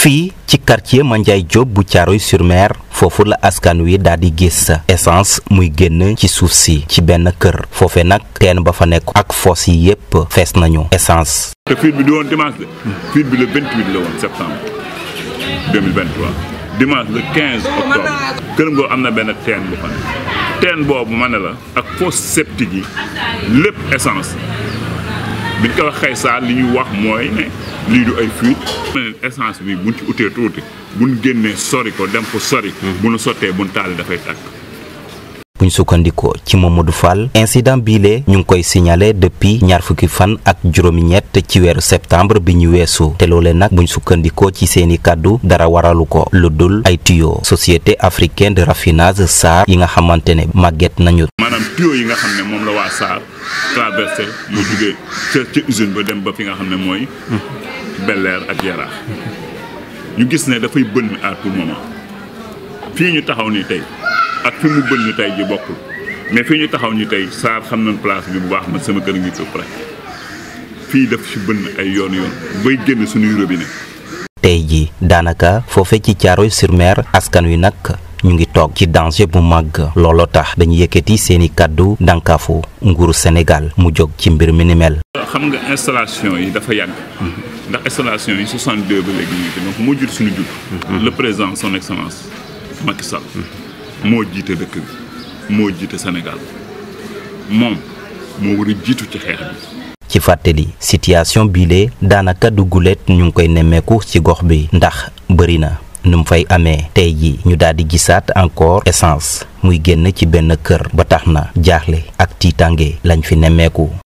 fii ci quartier Mandiaye jóob bu Thiaroye sur foofu la askan wi daal di gis essence muy génn ci suuf si ci benn kër foofe nag teen ba fa nekk ak foos yi yépp fees nañu essence. te fuite bi du woon dimanche la. fuite bi le la woon septembre 2023 dimanche le 15 octobre. am na benn teen bu fa nekk teen boobu ma ne la ak fosse septique yi lépp essence. biñ ko wax xaysa li ñuy wax mooy ne lii du ay fuite leen essence bi buñ ci uutee tuuti buñ génnee sori ko dem ko sori hmm. bu nu sottee bu buñ taal dafay tàkk buñ sukkandikoo ci moom Mamadou Fall incident biile ñu ngi koy signalé depuis ñaar fukki fan ak juróomi ñett ci weeru septembre bi ñu weesu te loole nag buñ sukkandikoo ci seeni kàddu dara waralu ko lu dul ay tuyaux société africaine de raffinage SAR yi nga xamante ne màgget nañu. maanaam tuyaux yi nga xam ne moom la waa SAR traversé yu jugee ca ca ba dem ba fi nga xam ne mooy. bel ak Yaraax ñu gis ne dafay bënn à tout moment fii ñu taxaw ni tey. ak fi mu bënn tey ji bokkul mais fi ñu taxaw ñu tey Sarr xam na place bi bu baax man sama kër ngi tëb fii daf si bënn ay yoon yoon bay génn suñuy robinet tey ji daanaka foofe ci caaro sur askan wi nag ñu ngi toog ci danger bu màgg looloo tax dañu yëkkati seeni kàddu dànkaafu nguuru Sénégal mu jóg ci mbir mi xam nga installation yi dafa yàgg ndax installation yi 62 ba moo jur suñu jub mm-hmm. le président son excellence Macky Sall moo jiite dëkk bi moo jiite Sénégal moom moo war jiitu ci xeex bi. ci fàttali situation biile daanaka du gulet ñu ngi koy nemmeeku ci gox bi ndax bari na nu mu fay amee tey ji ñu daal di gisaat encore essence muy génn ci benn kër ba tax na jaaxle ak tiitange lañ fi nemmeeku.